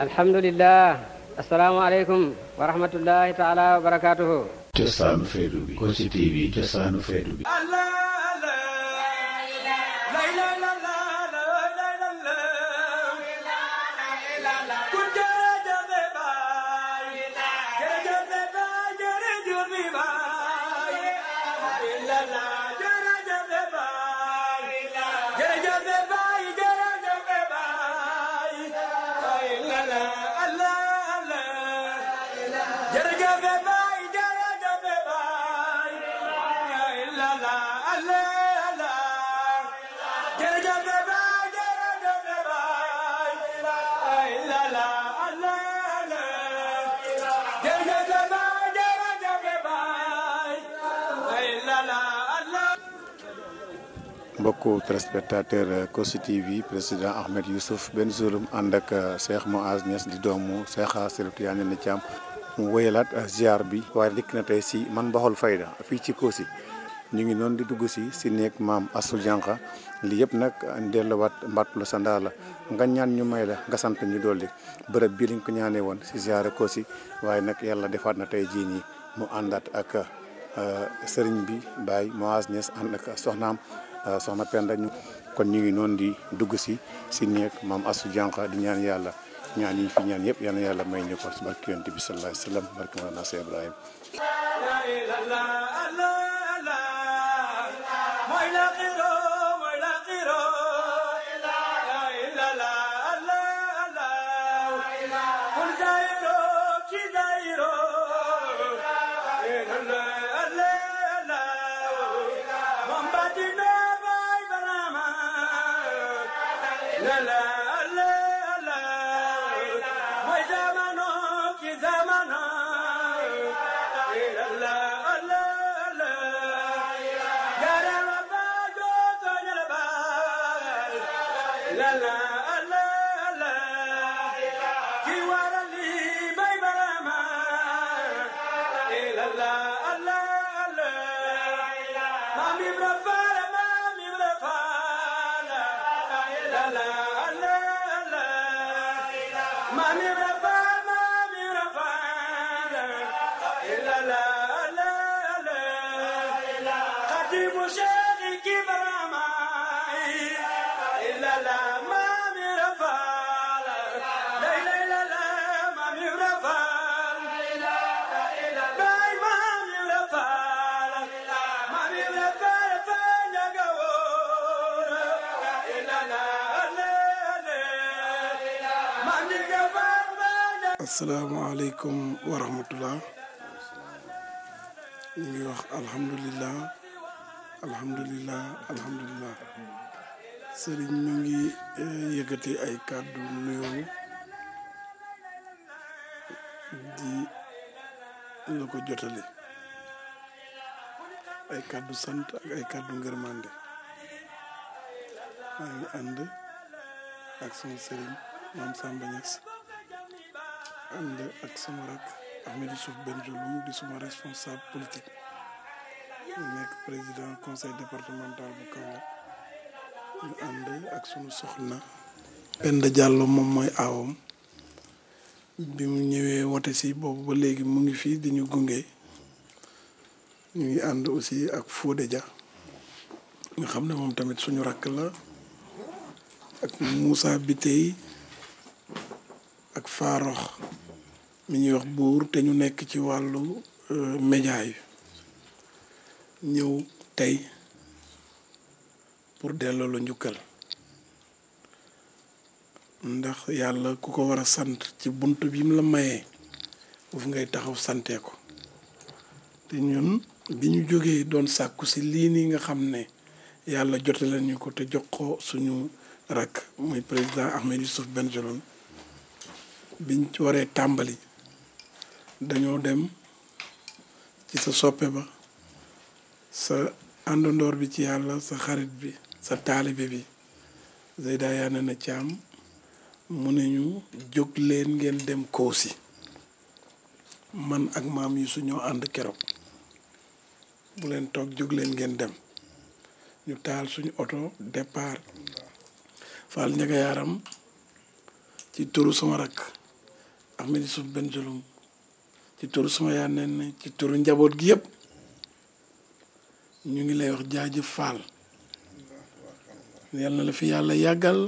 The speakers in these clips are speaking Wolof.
الحمد لله السلام عليكم ورحمة الله تعالى وبركاته جسان فيدوبي كوسي تي في جسان فيدوبي mbokku téléspectateur Kossy TV président Ahmed Youssouf Ben zulum ànd ak euh, Cheikh Moaz Niass di domu, Cheikh Sirif Tidiane na Thiam mu wéyalaat euh, ziar bi waaye dikk na tey si man bahol Fayda fii ci Kossy ñu ngi noonu di dugg si si néeg maam Astou Diankha li yëpp nag delluwaat mbattu la sa ndaa la nga ñaan ñu may la nga sant ñu dolli bërëb bii lañ ko ñaanee woon si ziar Kossy waaye nag yàlla defaat na tey jii mu andat ak euh, sëriñ bi Baye Moaz Niass ànd ak Euh, soxna Penda ñu kon ñu ngi noonu di dugg si si néeg maam Astou Diankha di ñaan yàlla ñaan yi fi ñaan yëpp yal na yàlla may ñu ko si barke yonent bi sallallahu alayhi wa sallam barke Mawlana Seydou Ibrahima asalaamaaleykum wa rahmatullah ñu ngi wax alhamdulilah alhamdulilah alhamdulilah sëriñ ñu ngi eh, yëkkati ay kàddu nuyoo di la ko jotale ay kàddu sant ak ay kàddu ngërmande maa ngi ànd ak sama sëriñ maam Samba Niass ànd ak sama rak ak Youssouf Bengelloune di suma responsable politique nekk président conseil départemental bu Kaolack ñu ànd ak sunu soxna Penda Diallo moom mooy aawam bi mu ñëwee wote si boobu ba léegi mu ngi fii di ñu gunge ñu ngi ànd aussi ak Fodé ja nga xam ne moom tamit suñu rakk la ak Moussa Bitey ak Farox mi ñuy wax buur te ñu nekk ci wàllu euh, média yi ñëw tey pour delloo njukkal ndax yàlla ku ko war a sant ci bunt bi mu la mayee foofu ngay taxaw santee ko te ñun bi ñu jógee doon sàkku si lii nii nga xam ne yàlla jotale ñu ko te jox ko suñu rak muy président Ahmed Youssouf biñ waree tàmbali dañoo dem ci sa soppe ba sa àndandoor bi ci yàlla sa xarit bi sa taalibe bi Zeyda yaa na caam mu ne ñu jóg leen ngeen dem si man ak maam yi suñoo ànd keroog bu leen toog jóg leen ngeen dem ñu taal suñu oto départ faal ñaga ci turu sama rakk Ahmed Yusuf Benjelloun ci turu sama yaa nen ci turu njaboot gi yëpp ñu ngi lay wax jaajëf faal yal la fi yàlla yàggal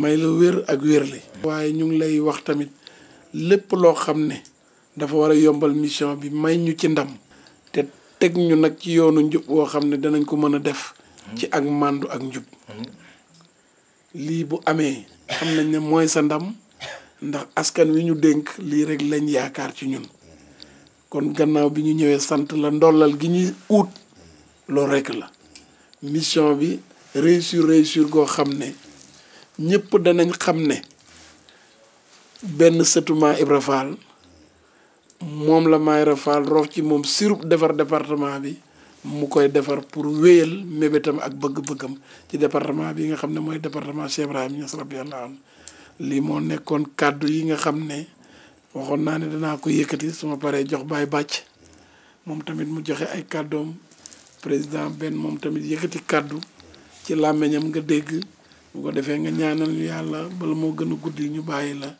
may la wér ak wérle waaye ñu ngi lay wax tamit lépp loo xam ne dafa war a yombal mission bi may ñu ci ndam te teg ñu nag ci yoonu njub woo xam ne danañ ko mën a def ci ak màndu ak njub lii bu amee xam nañ ne mooy sa ndam ndax askan wi ñu dénk lii rek lañ yaakaar ci ñun kon gannaaw bi ñu ñëwee sant la ndollal gi ñuy uut loolu rek la mission bi réussir réussir goo xam ne ñëpp danañ xam ne benn sëtuma Ibra Fall moom la Mayra Fall roof ci moom sirub defar département bi mu koy defar pour wéyal mébétam ak bëgg-bëggam ci département bi nga xam ne mooy département Cheikh Ibrahima Niass rabbi Allah lii moo nekkoon kàddu yi nga xam ne waxoon naa ne danaa ko yëkkati suma paree jox baay bàcc moom tamit mu joxe ay kàddoom président benn moom tamit yëkkati kàddu ci làmmiñam nga dégg bu ko defee nga ñaanal yàlla bala moo gën a guddi ñu bàyyi la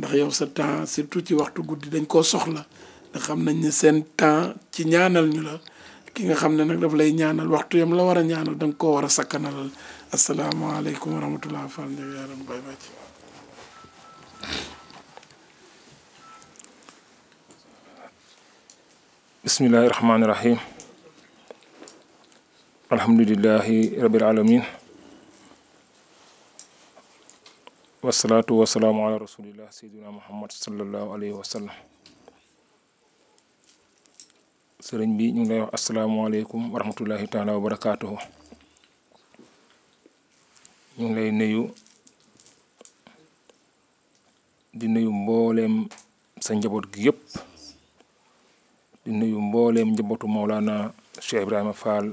ndax yow sa temps surtout ci waxtu guddi dañ koo soxla ndax xam nañ ne seen temps ci ñaanal ñu la ki nga xam ne nag daf lay ñaanal waxtu yam la war a ñaanal da koo war a sakkanalal asalaamaaleykum wa rahmatulah yaram بسم الله الرحمن الرحيم الحمد لله رب العالمين والصلاة والسلام على رسول الله سيدنا محمد صلى الله عليه وسلم سرين بي ñu السلام عليكم ورحمة الله تعالى وبركاته taala نيو di nuyu mbooleem sa njaboot gi yëpp di nuyu mbooleem njabootu Maulana Cheikh Ibrahima Fall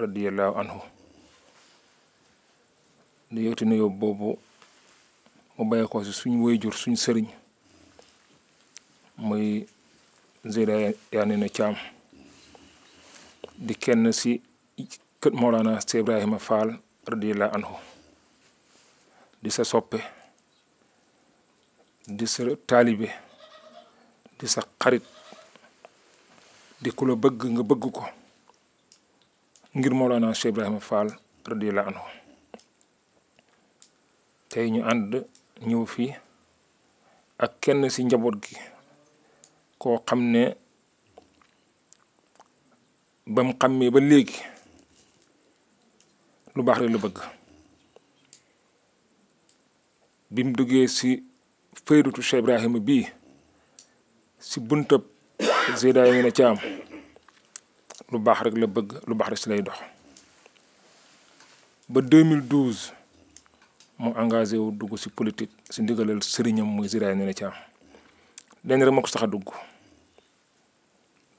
radiyallahu anhu di yëkkati nuyu boobu mu bàyyi si suñ wayjur suñ sëriñ muy Zeyda Yanina Thiam di kenn si kër Maulana Cheikh Ibrahima Fall radiyallahu anhu di sa soppe disa taalibe disa xarit di ku la bëgg nga bëgg ko ngir moolana cheikh ibrahima fall radiallahu anhu tey ñu ànd ñëw fii ak kenn si njaboot gi koo xam ne bam xàmmee ba léegi lu baax rek la bëgg bim duggee si faydutu Cheikh Ibrahima bii si buntab Zeyda yi ne caam lu baax rek la bëgg lu baax rek si lay dox ba 2012 mu engagé wu dugg si politique si ndigalal sëriñam muy Zeyda yi ne caam lenn rek ma ko sax a dugg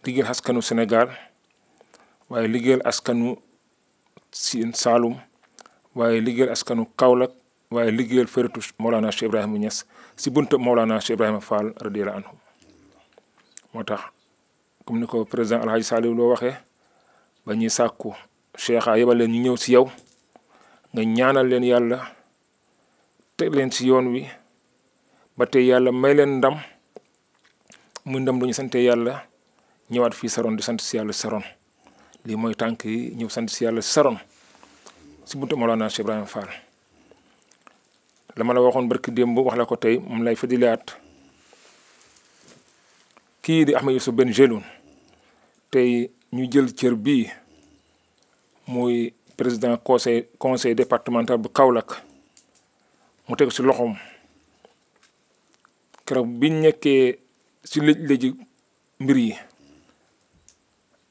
liggéeyal askanu Sénégal waaye liggéeyal askanu Siin Saalum waaye liggéeyal askanu Kaolack waaye liggéeyal feratu Mawlana Cheikh Ibrahima Niass si bunta Mawlana Cheikh Ibrahima Fall radiyallahu anhu moo tax comme ni ko président Alhaji Saliou loo waxe ba ñuy sàkku cheikha yebal leen ñu ñëw si yow nga ñaanal leen yàlla teg leen si yoon wi ba tey yàlla may leen ndam mu ndam lu ñu sante yàlla ñëwaat fii saroon di sant si yàlla saroon lii mooy tànk yi ñëw sant si yàlla saroon si bunta Mawlana Cheikh Ibrahima Fall lama la waxon barki dembu wax la ko tay moom lay kii di Ahmed ben Bengelloune tay ñu jël cër bi moy président conseil conseil départemental bu Kaolack mu tek ci loxom kër bi nekkee ci lej lej mbir yi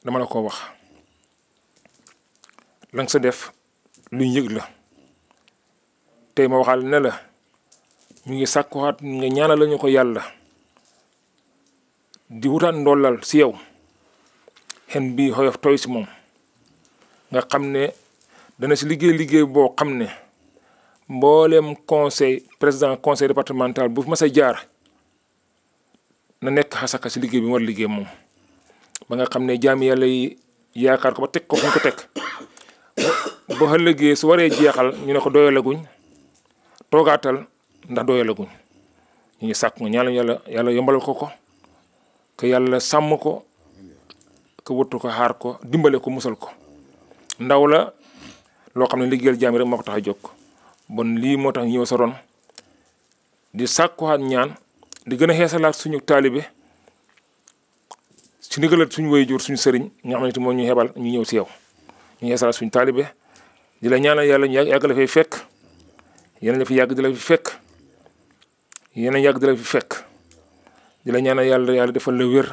dama la ko wax lang sa def lu ñëg la tey ma waxal ne la ñu ngi sàkkuwaat nga ñaanal lañu ko yàlla di wutaat ndollal si yow xen bii xoyof tooy si moom nga xam ne dana si liggéey liggéey boo xam ne mbooleem conseil président conseil départemental bu fi mas a jaar na nekk xasaka si liggéey bi mu war liggéey moom ba nga xam ne jaami yàlla yi yaakaar ko ba teg ko fu ñu ko teg ba ëllëgee su waree jeexal ñu ne ko doyalaguñ rogatal nda do yàlla guñ sakun ngi sàkk ñaala yàlla yàlla yombalal ko ko ke yàlla sàmm ko que wëttu ko xaar ko dimbale ko musal ko ndaw la loo xam rek bon lii moo tax ñëw di sàkkuwaat ñaan di gën a xeesalaat suñu taalibe ci ndigalal suñu wayjur suñu sëriñ nga xam ne moom ñu xebal ñu ñëw si yow suñu di la ñaanal yàlla ñu fay fekk yéen la yàgg di la fi fekk yéen yàgg di la fi fekk di la ñaanal yàlla yàlla defal la wér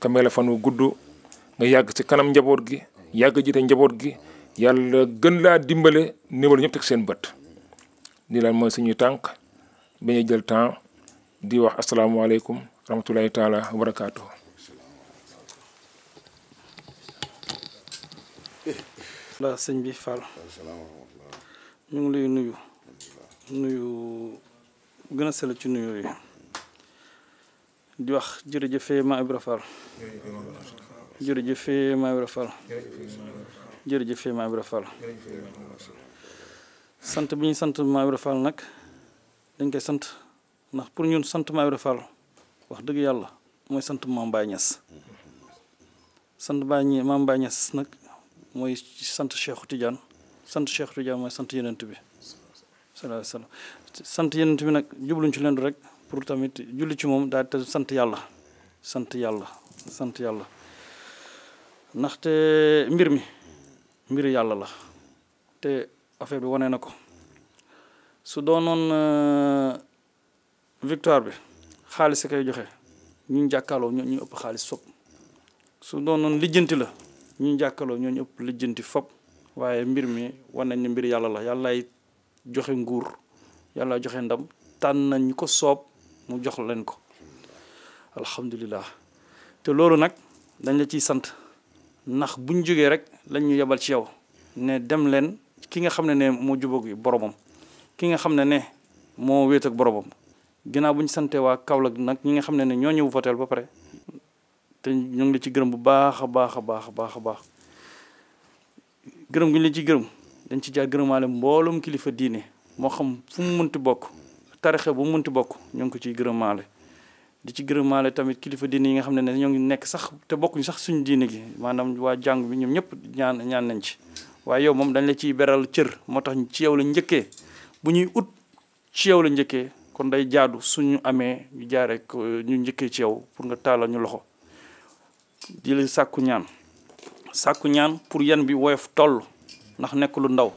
te la fan wu gudd nga yàgg ci kanam njaboot gi yàgg jiite njaboot gi yàlla gën laa dimbale néewal ñëpp teg seen bët. di daal mooy suñuy tànk ba ñuy jël temps di wax asalaamaaleykum rahmatulahi taala wa barakaatu. sëñ bi Fall nuyu gën a sell ci nuyu yi di wax jërëjëfee ma Ibra Fall jërëjëfee ma Ibra Fall jërëjëfee ma Ibra Fall sant bi ñu sant ma Ibra Fall nag dañ koy sant ndax pour ñun sant ma Ibra Fall wax dëgg yàlla mooy sant Mame Baye Niass sant Baye Mame Baye Niass nag mooy sant Cheikh Tidiane sant Cheikh Tidiane mooy sant yenent bi sallallahu alayhi wa sallam sant yenent bi nag jubluñ ci lendu rek pour tamit julli ci moom daal te sant yàlla sant yàlla sant yàlla ndaxte mbir mi mbir yàlla la te affaire bi wane na ko su doonoon euh, victoire bi xaalis sa koy joxe ñu jàkkaarloo ñu ëpp xaalis fop su noon lijjanti la ñu jàkkaarloo ñu ëpp lijjanti fop waaye mbir mi wane nañ ne mbir yàlla la yàllaay joxe nguur yàlla joxe ndam tan nañ ko soob mu jox leen ko alhamdulillah te loolu nag dañ la ciy sant ndax buñ jógee rek lañ ñu yebal ci yow ne dem leen ki nga xam ne ne moo jubóog yi boromam ki nga xam ne ne moo wéet ak boromam ginnaaw buñ sante waa Kaolack nag ñi nga xam ne ne ñoo ñëw ba pare te ñu ngi la ci gërëm bu baax a baax a gi ñu ci gërëm dañ ci jaar gërëmaale mboolum kilifa diine moo xam fu mu munti bokk tarixe bu mu munti bokk ñoo ngi ko ciy gërëmaale di ci gërëmaale tamit kilifa diine yi nga xam ne ne ñoo ngi nekk sax te bokkuñu sax suñu diine gi maanaam waa jàng bi ñoom ñëpp ñaan ñaan nañ ci waaye yow moom dañ la ciy beral cër moo tax ci yow la njëkkee bu ñuy ut ci yow la njëkkee kon day jaadu suñu amee ñu jaaree euh, ko ñu njëkkee ci yow pour nga taalal ñu loxo di la sàkku ñaan sàkku ñaan pour ndax nekk lu ndaw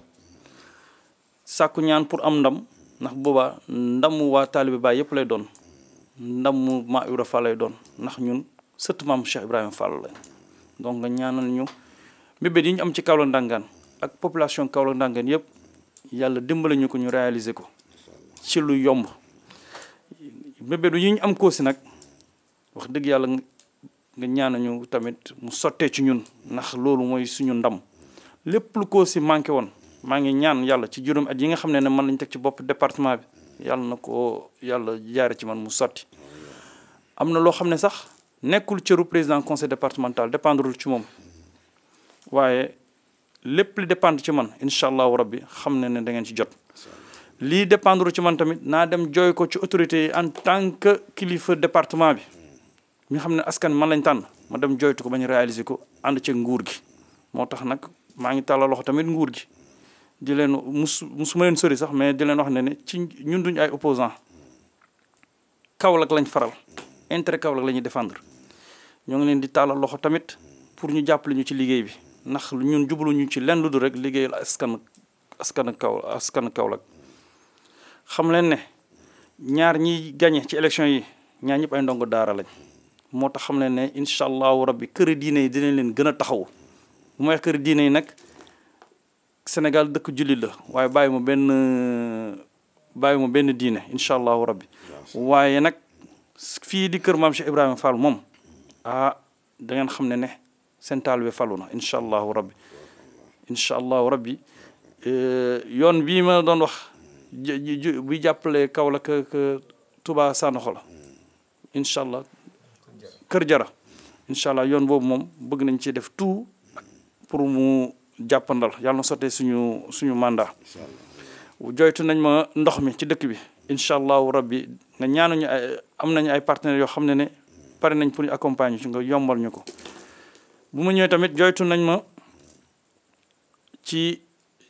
sàkku ñaan pour am ndam ndax boobaa ndamu waa taalibe Baay yëpp lay doon ndamu ma Ibra Fall lay doon ndax ñun sët maam Cheikh Ibrahima Fall la donc nga ñaanal ñu mbébét yi ñu am ci Kaolack Ndangaan ak population Kaolack Ndangaan yëpp yàlla dimbali ñu ko ñu réaliser ko ci lu yomb mbébétu yi ñu am Kossy nag wax dëgg yàlla nga ñaanal ñu tamit mu sottee ci ñun ndax loolu mooy suñu ndam. lépp lu ko si manqué woon maa ngi ñaan yàlla ci juróom at yi nga xam ne ne man lañ teg ci bopp département bi yàlla na ko yàlla jaare ci man mu sotti am na loo xam ne sax nekkul cëru président conseil départemental dépendrul ci moom waaye lépp li dépendre ci man incha allahu rabbi xam ne ne da ngeen ci jot lii dépendre ci man tamit naa dem jooy ko ci autorité en tant que kilifa département bi mi xam ne askan man lañ tànn ma dem jooytu ko ba ñu réaliser ko ànd ci nguur gi maa ngi tàllal loxo tamit nguur ji di leen musu musuma leen sori sax mais di leen wax ne ne ci ñun duñ ay opposant Kaolack lañ faral intérêt Kaolack lañuy ñuy ñoo ngi leen di tàllal loxo tamit pour ñu jàppale ñu ci liggéey bi ndax ñun jubluñu ci lenn lu dul rek liggéeyal askan askan kaw askan Kaolack xam leen ne ñaar ñi gañe ci élection yi ñaar ñëpp ay ndongo daara lañ moo tax xam leen ne incha allahu rabbi kër diine yi dinañ leen gën a taxawu mooy kër diine yi nag Sénégal dëkk jullit la waaye bàyyi mu benn bàyyi mu benn diine incha allahu rabbi waaye nag fii di kër maam si Ibrahima Fall moom ah dangeen xam ne ne seen taalibe falu na incha allahu rabbi incha allahu rabbi eh, yoon bii ma doon wax buy jàppale Kaolack ak Touba Sanoxo la incha allah kër jara incha yoon boobu moom bëgg nañ ci def tout pour mu jàppandal yàlla na sottee suñu suñu mandat joytu nañ ma ndox mi ci dëkk bi incha allahu rabbi nga ñaanuñu ay am nañu ay partenaires yoo xam ne ne pare nañ pour ñu accompagner ci nga yombal ñu ko bu ma ñëwee tamit joytu nañ ma ci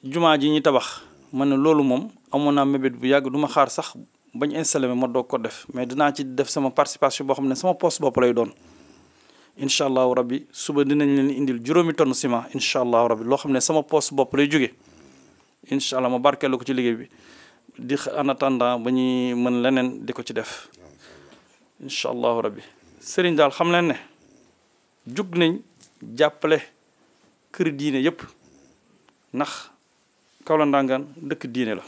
jumaa ji ñuy tabax man ne loolu moom amoon naa mébét bu yàgg duma xaar sax bañ installé ma ma doog ko def mais dinaa ci def sama participation boo xam ne sama poste bopp lay doon incha allahu rabbi suba dinañ leen indil juróomi tonn ciment incha allahu rabbi loo xam ne sama poste bopp lay jóge incha allah ma barkeelu ko ci liggéey bi di ba ñuy mën leneen di ko ci def incha allahu rabbi xam leen ne jug nañ jàppale kër diine yëpp ndax Kaolack Ndangaan dëkk diine la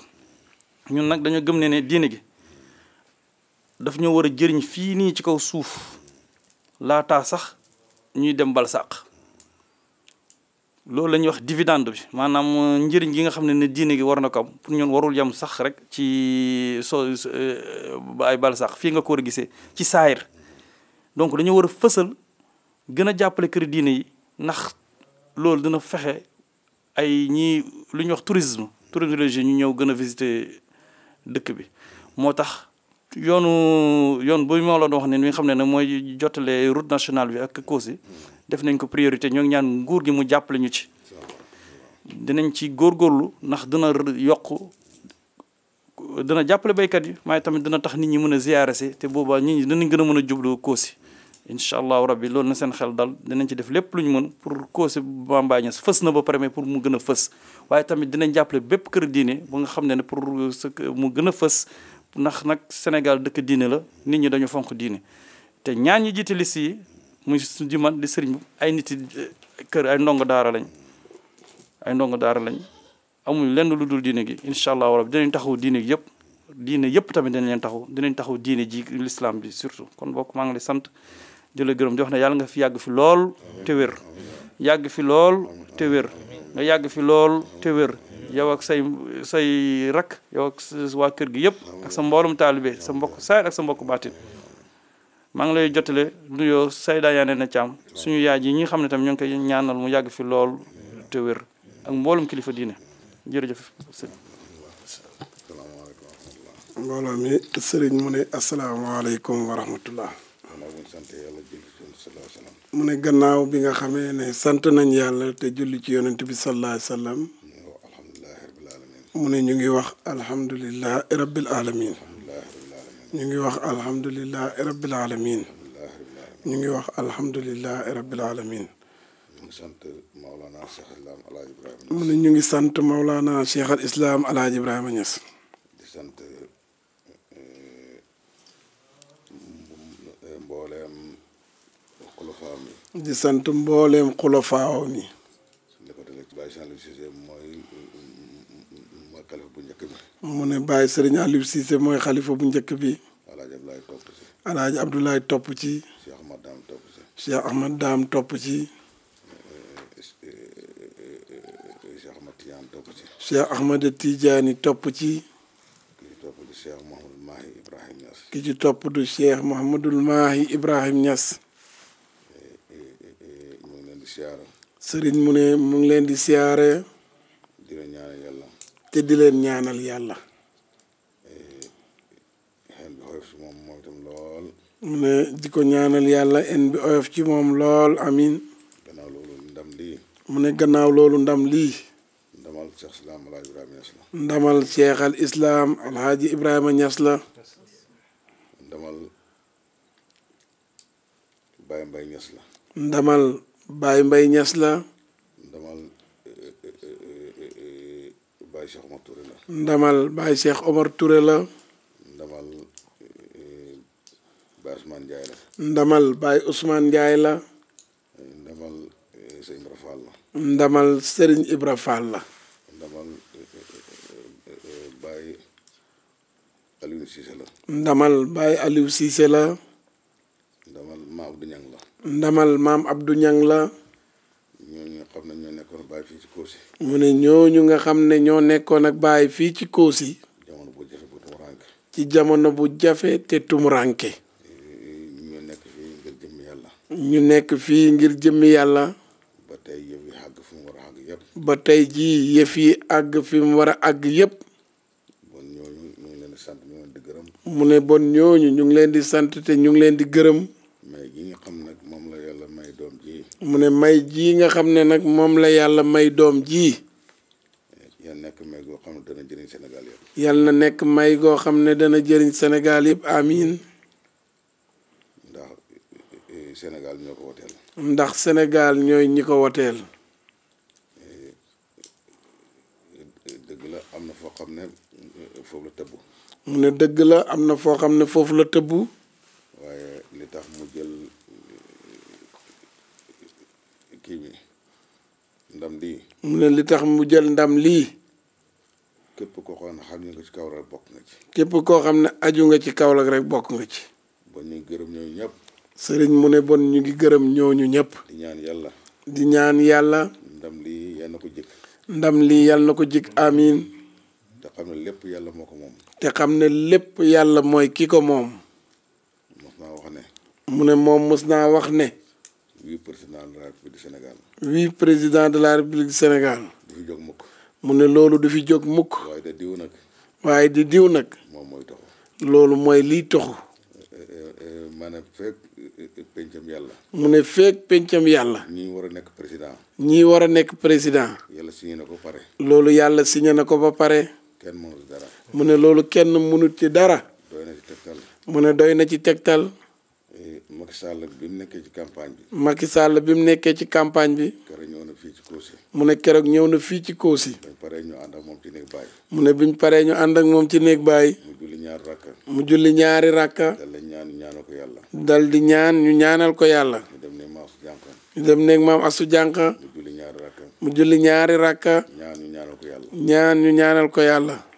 ñun nag dañoo gëm ne ne diine gi daf ñoo war a jëriñ fii nii ci kaw suuf laataa sax ñuy dem bal sàq loolu la ñuy wax dividende bi maanaam njëriñ gi nga xam ne ne diine gi war na ko am pour ñun warul yam sax rek ci so euh, ay bal sax fii nga ko war a gisee ci saayir donc dañoo war a fësal gën a jàppale kër diine yi ndax loolu dana fexe ay ñii lu ñuy wax tourisme tourisme religieux ñu ñëw gën a visiter dëkk bi moo tax yoonu yoon bu moo la doon wax ne mi xam ne nag mooy jottale route nationale bi ak cause def nañ ko priorité ñoo ngi ñaan nguur gi mu jàppale ñu ci dinañ ci góorlu ndax dina yokk dana jàppale béykat yi waaye tamit dina tax nit ñi mën a ziyaare si te boobaa nit ñi dinañ gën a mën a jublu cause yi incha allahu rabbi loolu na seen xel dal dinañ ci def lépp lu ñu mën pour cause Bamba Ñas fës na ba pare mais pour mu gën a fës waaye tamit dinañ jàppale bépp kër diine ba nga xam ne ne pour mu gën a fës ndax nag Sénégal dëkk diine la nit ñi dañu fonk diine te ñaan ñi jiite liste yi mu di man di sëriñ bu ay nit eh, kër ay ndongo daara lañ ay ndongo daara lañ amuñ lenn lu dul diine gi incha allah rabbi dinañ taxaw diine gi yëpp diine yëpp tamit dinañ leen taxaw dinañ taxaw diine ji l'islam bi surtout kon bokk maa ngi lay sant di la gërëm di wax ne yàlla nga fi yàgg fi lool te wér yàgg fi lool te wér nga yàgg fi lool te wér yow ak say say rak waa kër gi yëpp ak sa mboolum taalibe sa mbokk saayir ak sa mbokk baatin maa ngi lay jotale nuyoo Sayda Yane na Thiam suñu yaay ji ñi xam ne tam ñoo ngi koy ñaanal mu yàgg fi lool te wér ak mboolum kilifa diine jërëjëf sëñ mbooloo mi sëriñ mu ne asalaamaaleykum wa rahmatullah ne gannaaw bi nga xamee ne sant nañ yàlla te julli ci yonent bi sallallahu alayhi wa sallam mu ne ñu ngi wax alhamdulilah rabbil alamin ñu ngi wax alhamdulilah rabbil alamin ñu ngi wax alhamdulilah rabbil alamin ñu ngi sant Maulana Cheikh Islam El Hadj Ibrahima Niass. mu ne ñu ngi sant Maulana Cheikh al Islam El Hadj Ibrahima Niass. di sant mbooleem xulofaaw mi. di sant mbooleem xulofaaw mi. li ko dalee ci Baye Saliou Cissé mooy. bu njëkk bi. mu ne Baye Serigne Aliou Cissé mooy xalifa bu njëkk bi. Alaaji Abdoulaye topp ci. Alaaji Abdoulaye topp ci. Cheikh Ahmad Daam topp ci. Cheikh Ahmad Daam eh, eh, eh, topp ci. Cheikh Ahmad Mahi Ibrahim Niass. ki mu ne mu leen di siyaare. te di leen ñaanal yàlla. xel bi oyof ci moom moom itam lool. mu ne di ko ñaanal yàlla en bi oyof ci moom lool amin gannaaw loolu mu ne gannaaw loolu ndam lii. ndamal Cheikh ndamal Cheikh al Islam Alhaji Ibrahima Niass ndamal Baye Mbaye Niass ndamal Baye Mbaye Niass Baye Cheikh Omar Touré la ndamal Baye Cheikh Omar Touré la ndamal eh, Baye Ousmane Ndiaye la ndamal Baye Ousmane Ndiaye la eh, ndamal eh, Serigne Ibra Fall la ndamal Serigne Ibra Fall la ndamal Baye Aliou Cissé la ndamal bay Aliou Cissé la ndamal mam Abdou Niang la ñooñu nga xam ne ñoo nekkoon ak mu ne ñooñu nga xam ne ñoo nekkoon ak baay fii ci Kossy. jamono bu jafe bu tumuranke. ci jamono bu jafe te tumuranke. ñu nekk fii ngir jëmmi yàlla. ñu nekk fii ngir jëmmi yàlla. ba tey yëf yi àgg tey jii yëf yi àgg fi war a àgg yëpp. bon ñooñu ñu ngi leen di ñu gërëm. mu ne bon ñooñu ñu ngi leen di sant te ñu ngi leen di gërëm. mu ne may jii nga xam ne nag moom la yàlla may doom ji. yàlla nekk may goo xam ne dana jëriñ Sénégal yëpp. yàlla na nekk may goo xam ne dana jëriñ Sénégal yëpp amiin. ndax eh, eh, senegal ñoo ñooy ñi ko woteel. Eh, dëgg la am na foo xam ne foofu la tëbbu. mu ne dëgg la am na foo xam ne foofu la tëbbu. waaye li tax mu jël. kii ndam lii. mu ne li tax mu jël ndam lii. képp koo xam ne ci kaw bokk nga ci. képp koo xam ne aju nga ci kaw rek bokk nga ci. bon ñu ngi gërëm ñooñu ñëpp. sëriñ mu ne bon ñu ngi gërëm ñooñu ñëpp. di ñaan yàlla. di ñaan yàlla. ndam lii yal na ko jik ndam lii yal ko jik amiin. te xam ne lépp yàlla xam yàlla mooy ki ko moom. mos naa wax mu ne moom mos naa wax ne. huit président de la république du Sénégal. huit président de la république du Sénégal. du fi jóg mukk. mu ne loolu du fi jóg mukk. waaye diw nag. waaye di diw nag. moom mooy toxu. loolu mooy liy toxu. maanaam feeg eh, pencam yàlla. mu ne feeg pencam yàlla. ñii war a nekk président. ñii war a nekk président. yàlla signé na ko pare. loolu yàlla signé na ko ba pare. kenn mënut mu ne loolu kenn mënut ci dara. doy doy na ci tegtal. Eh, Macky Sall bi mu nekkee ci campagne bi. Sall bi mu nekkee ci campagne bi. keroog ñëw na fii ci Kossy. mu ne keroog ñëw na fii ci Kossy. bañ paree ñu ànd ak moom ci néeg baay. mu ne biñ paree ñu ànd ak moom ci néeg baay. mu julli ñaari rakka. mu ñaari rakka. dal di ñaan ñu ñaanal ko yàlla. dal di ñaan ñu ñaanal ko yàlla. dem néeg maam Asu ñu dem néeg maam Asu Jànqa. mu julli ñaari rakka. mu julli ñaari rakka. ñaan ñu ñaanal ko yàlla.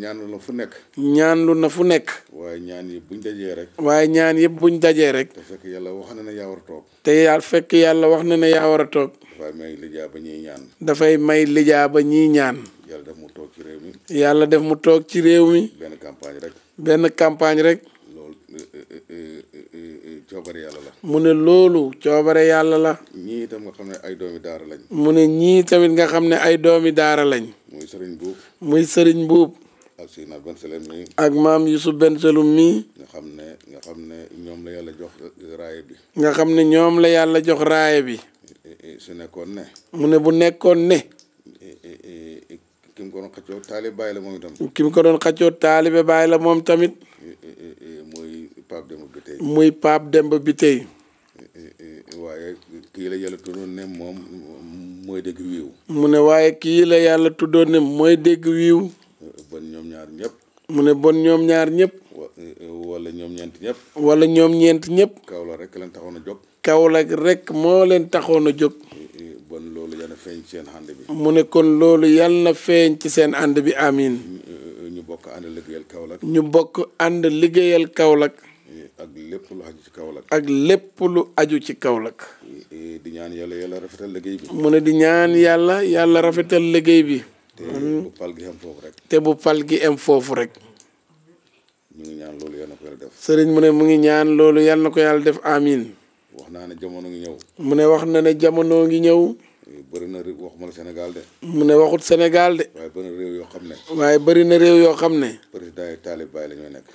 ñaanlu na fu nekk. ñaan lu na fu nekk. waaye ñaan yëpp buñ dajee rek. waaye ñaan yëpp buñ dajee rek. te fekk yàlla wax na ne yaa toog. te yaa fekk yàlla wax na ne yaa war a toog. dafay may lijaa ba ñuy ñaan. dafay may lijaa ba ñuy ñaan. yàlla def mu toog ci réew mi. yàlla def mu toog ci réew mi. benn campagne rek. campagne rek. coobare yàlla la. mu ne loolu coobare yàlla la. ñii itam nga xam ne ay doomi daara lañ. mu ne ñii tamit nga xam ne ay doomi daara lañ. muy sëriñ buub. muy sëriñ buub. ak Seydina Ben ak maam Youssouf Ben mi nga xam ne nga xam ne ñoom la yàlla jox raaya bi. nga xam ne ñoom la yàlla jox raaya bi. Eh, eh, eh, su nekkoon ne. mu ne bu nekkoon ne. ki mu ko doon xëccoo taalibe baay la moom itam. ki mu ko doon xëccoo la moom tamit. mooy. Pape Demba bi muy Pape demb bi tey. waaye kii la yàlla tuddoon ne moom mooy dégg wiiw. mu ne waaye kii la yàlla tuddoon ne mooy dégg wiiw. bon ñoom ñaar ñëpp. mu ne bon ñoom ñaar ñëpp. wala ñoom ñeent ñëpp. wala ñoom ñëpp. Kaolack rek leen taxoon a jóg. Kaolack rek moo leen taxoon a jóg. loolu seen ànd mu ne kon loolu yàlla na feeñ ci seen ànd bi amiin. ñu bokk ànd liggéeyal kawla ñu bokk ànd liggéeyal Kaolack. lépp lu aju ci Kaolack. ak lépp lu aju ci Kaolack. Eh, eh, di ñaan yàlla yàlla rafetal liggéey bi. mu ne di ñaan yàlla yàlla rafetal liggéey bi. te hmm. bu pal gi am foofu rek. te bu pal gi am foofu rek. mu ngi ñaan loolu yàlla na ko yàlla def. sëriñ mu ne mu ngi ñaan loolu yàlla na ko yàlla def amiin. wax naa ne jamono ngi ñëw. mu ne wax na ne jamono ngi ñëw. bëri na réew waxuma la Sénégal de. mu ne waxut Sénégal de. waaye bëri réew yoo xam ne. waaye bëri na réew yoo xam ne.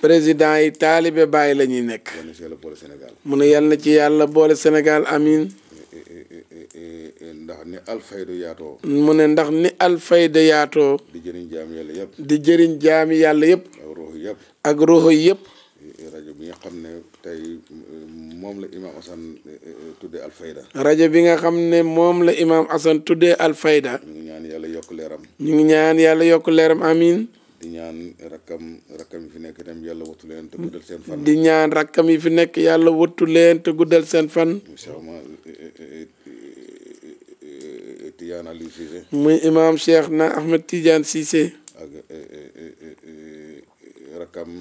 président yi taalibe Baye la ñuy nekk. yi taalibe Baye la ñuy nekk. yal na ci yàlla mu ne yal na ci yàlla boole Sénégal amiin. Eh, eh, eh, ndax ni alfayda yaatoo. mu ne ndax ni alfayda yaato di jëriñ jaami yàlla yëpp. di jëriñ jaami yàlla yëpp. ak ruux yëpp. rajo bi xam ne tey moom la imaam Assane tuddee Alfayda. rajo bi nga xam ne moom la imaam Assane tuddee Alfayda. ñu ngi ñaan yàlla yokk leeram. ñu ngi ñaan yàlla yokk leeram amiin. di ñaan rakkam rakkam yi fi nekk itam yàlla wattu leen te guddal seen fan. di ñaan rakkam yi fi nekk yàlla wattu guddal seen fan. Tidiane Aliou Cissé. muy imaam Cheikh na Ahmed Tidiane Cissé. ak rakkam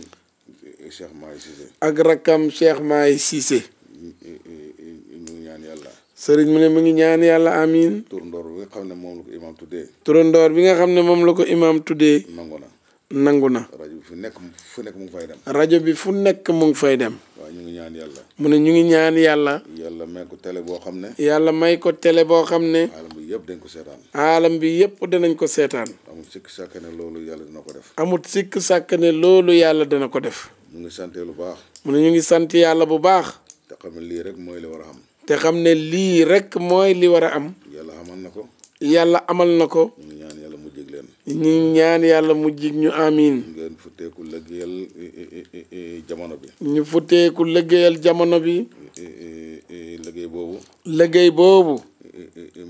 Cheikh Maay Cissé. ak mu ñaan yàlla. sëriñ mu ne mu ngi ñaan yàlla amiin. turandoor bi nga xam ne moom la ko imaam tuddee. turandoor bi nga xam ne moom la ko imaam tuddee. nangu na nangu na. rajo bi fu nekk fu nekk mu ngi fay dem. rajo bi fu nekk mu ngi fay dem. waaw ñu ngi ñaan yàlla. mu ne ñu ngi ñaan yàlla. yàlla may ko télé boo xam ne. yàlla may ko télé boo xam ne. aalam bi yëpp dañ ko seetaan. aalam bi yëpp danañ ko seetaan. amut sikk sàkk ne loolu yàlla dana ko def. amut sikk sàkk loolu yàlla dana ko def. baax. mu ne ñu ngi sant yàlla bu baax. te xam ne lii rek mooy li war a am. te xam ne lii rek mooy li war a am. yàlla amal na ko. yàlla amal na ko. ñu ñaan yàlla mu jig leen. ñu ñaan yàlla mu ñu amiin. ngeen futteeku lëggéeyal jamono bi. ñu futteeku lëggéeyal jamono bi. lëggéey boobu. lëggéey boobu.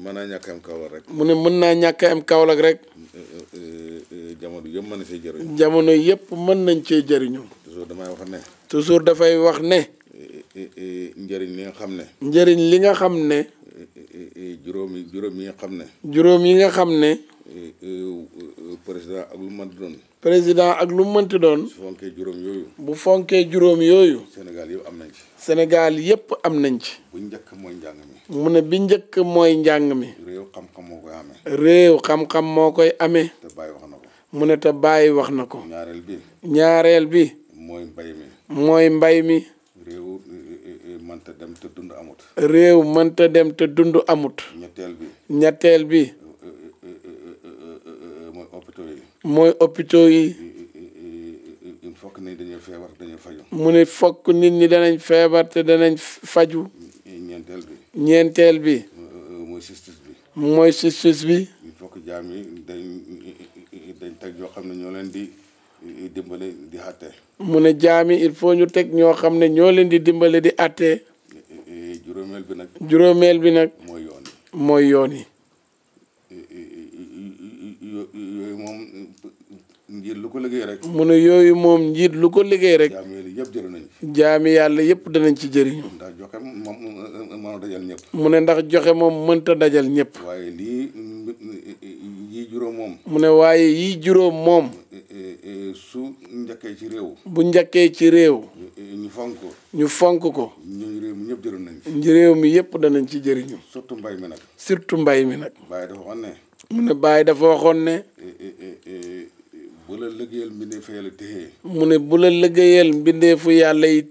mën naa ñàkk am Kaolack rek. mu ne mën naa ñàkk am Kaolack rek. jamono yëpp mën na cee jëriñu. jamono yëpp mën nañ cee jëriñu. toujours damay wax ne. toujours dafay wax ne. njëriñ li nga xam ne. njëriñ li nga xam ne. juróom yi nga xam ne. juróom yi nga xam ne. président ak lu mu doon. président ak lu mu mënti doon. su juróom yooyu. bu fonkee juróom yooyu. Sénégal yëpp am na ci. Sénégal yëpp am nañ ci. bu njëkk mooy njàng mi. bi njëkk mooy njàng mi. réew xam-xam moo koy amee. réew xam-xam moo koy amee. te wax na ko. mu ne te bàyyi wax na ko. ñaareel bi. ñaareel bi. mooy mbay mi. mooy mbay mi. mënta dem te dund amut. réew mënta dem te dund amut. ñetteel bi. ñetteel bi. Euh, euh, euh, mooy hôpitaux yi. mooy hôpitaux yi. fokk ni ñi dañuy feebar dañuy faju. mu fokk nit ñi danañ feebar te danañ faju. ñeenteel bi. ñeenteel bi. mooy justice bi. mooy justice bi. fokk jaam yi dañ dañ teg yoo xam ne di. ñuy dimbale di àtte. mu ne jaami il faut ñu teg ñoo xam ne ñoo leen di dimbale di àtte. E, e, juróomeel bi nag. juróomeel bi nag. mooy yoon mooy yoon yi. E, yooyu moom ko liggéey rek. mu ne yooyu moom njiit lu ko liggéey rek. jaami yàlla yëpp nañ ci. yàlla yëpp danañ ci jëriñu. ndax mu ne ndax joxe moom mënta dajal ñëpp. mu ne waaye yii juróom moom. E, e su njëkkee ci réew. bu njëkkee ci réew. ñu fonk e, ñu fonk ko. ñun réew mi ñëpp jëriñ nañ ci. réew mi yëpp danañ ci jëriñu. surtout mbay mi nag. surtout mbay mi nag. Baye dafa waxoon ne. mu ne dafa waxoon ne. bu la liggéeyal mbindeefu yàlla téye. mu ne bu la liggéeyal mbindeefu yàlla yi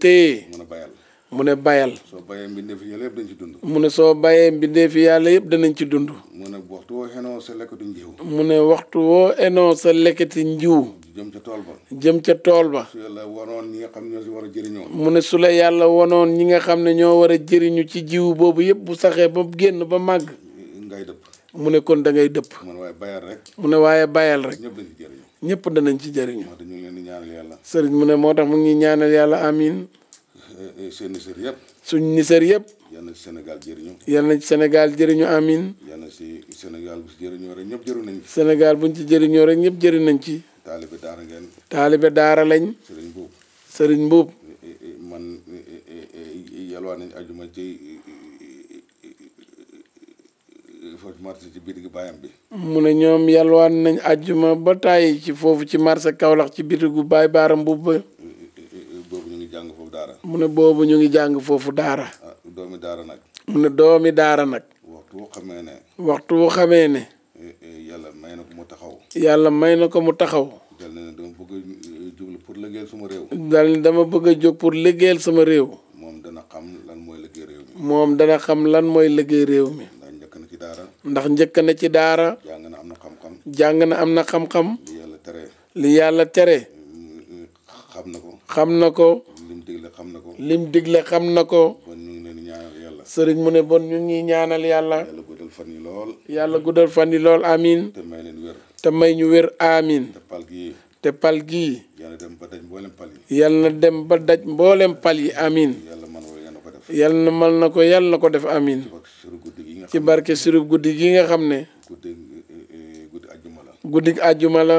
mune bayal so baye mbinde fi yalla yeb dañ ci dund mune so baye mbinde fi yalla yeb dañ ci dund mune waxtu wo eno sa lekati njiw mune waxtu wo eno sa lekati njiw jëm ci tol ba jëm ci tol ba su yalla wonon ñi xam ñoo si war a jëriñoo su la yalla wonon ñi nga xam ne ñoo wara jëriñu ci jiw bobu yeb bu saxé ba genn ba mag ngay depp mune kon da ngay depp mune ne bayal rek mune waye bayal rek ñëpp dañ ci jëriñu ñëpp dañ ci jëriñu moo tax ñu leen ñaanal yàlla sëriñ mu ne mu ngi ñaanal yalla amin seen nisër yëpp. suñ nisër yëpp. yal na si Sénégal jëriñu. yal na si Sénégal jëriñu amin yal na si Sénégal bu si jëriñoo rek ñëpp jëriñ nañ ci. Sénégal buñ ci jëriñoo rek ñëpp jëriñ nañ ci. taalibe daara ngeen. taalibe daara lañ. sëriñ Mbuub. sëriñ Mbuub. Eh, eh, eh, man yalwaan nañ ajuma ci foofu marché ci bitig ñoom yalwaan nañ ajuma ba tàyyi ci foofu ci marché Kaolack ci bitigu baay baaram Mbuub mune bobu ñu ngi jang fofu daara. Ah, doomi daara nak mune doomi daara nak waxtu xamé né waxtu xamé né eh, eh, yalla may nako mu taxaw. yalla may nako mu taxaw. dal na dama bëgg a eh, pour liggéeyal sama réew. dal dama bëgg jog pour liggéeyal sama réew. mom dana xam lan moy liggéey réew mi. Mom dana xam lan moy liggéey réew mi. ndax ñëk na ci daara. ndax njëkk na ci daara. jàng na am xam-xam. na xam-xam. li yalla téré li yalla téré xam nako xam nako digle xam na ko. lim digle xam na ko. bon ñu ngi sëriñ mu ne bon ñu ngi ñaanal yàlla. yàlla guddal fan yi lool. yàlla guddal fan yi lool amiin. te may te may ñu wér amin te pal gii. te pal gii. yàlla dem ba daj mboolem pal yi. yàlla dem ba daj mboolem pal yi amiin. yàlla man ko yàlla na ko yàlla na ko def amiin. ci barke surub guddi gi nga xam ne. guddi eh, eh, guddi la. guddi ajjuma la.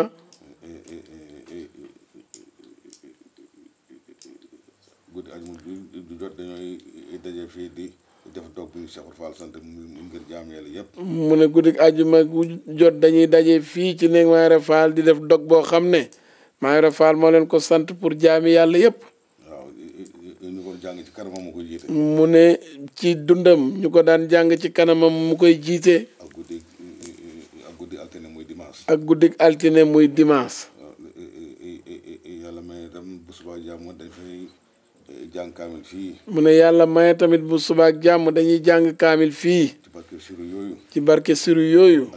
sëriñ sant mu yëpp. mu ne guddik àjjuma gu jot dañuy daje fii ci néeg Mayoro Fall di def dog boo xam ne Mayoro Fall moo leen ko sant pour jaami yàlla yëpp. waaw ci kanamam mu koy mu ne ci dundam ñu ko daan jàng ci kanamam mu koy jiite. ak guddik ak guddik altine muy dimanche. jàng fii. mu ne yàlla maye tamit bu subaak jàmm dañuy jàng kaamil fii. ci barke siru yooyu. ci barke siru yooyu.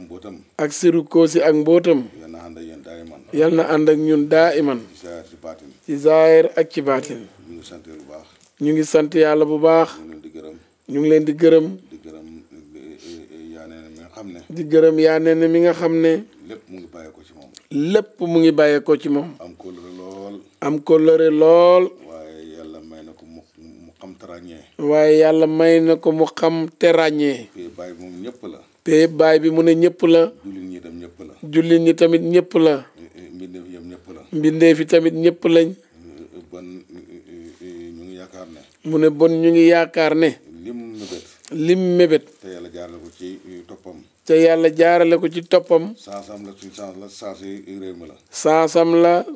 mbootam. ak siru koosi ak mbootam. yal na ànd ak yéen daa na ànd ak ñun daa iman. ci zaahir ci ak ci baatin. ñu ngi sant bu ñu ngi sant yàlla bu baax. ñu ngi leen di gërëm. ñu ngi leen di gërëm. gërëm eh, eh, yaa nee na mi nga xam ne. di gërëm yaa nee na mi nga xam ne. lépp mu ngi bàyyeekoo ci moom. lépp mu ngi bàyyeekoo ci moom. am kóllëre lool. lool. waaye yàlla may na ko mu xam te ràññee. pay baay ñëpp la. pay baay bi mu ne ñëpp la. jullit ñi tam ñëpp la. jullit ñi tamit ñëpp la. Eh, eh, mbindeef yi ñëpp la. mbindeef yi tamit ñëpp lañ. Eh, ngi yaakaar mu ne bon ñu ngi yaakaar ne. lim mébét. lim mébét. te yàlla jaarale ko ci toppam. te yàlla jaarale ko ci toppam. saasam la suñ saas la saasi saasam la.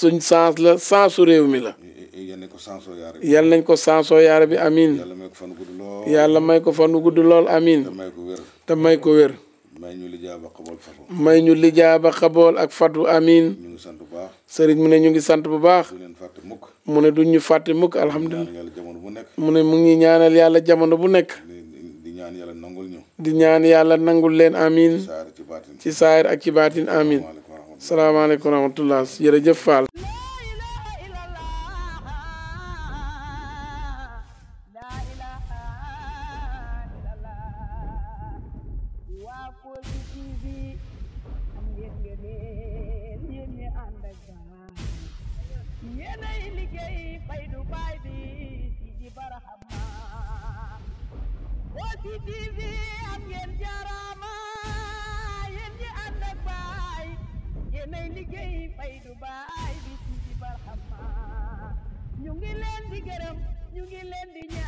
suñ sens la sensu réew mi la. yal nañ ko sensoo yaare bi amin yàlla may ko fan gudd lool amin te may ko wér. may ñu lijaaba xabool fatu may ñu xabool ak fatu amin sant bu baax sëriñ mu ne ñu ngi sant bu baax mu ne duñ ñu fàtte mukk alhamdulilah mu ne mu ngi ñaaneel yàlla jamono bu nekk di ñaan yàlla nangul ñu di ñaan yàlla nangul leen amin ci saayir ak ci baatin amin salaamaaleykum wa rahmatullah jërëjëf Fall feeling the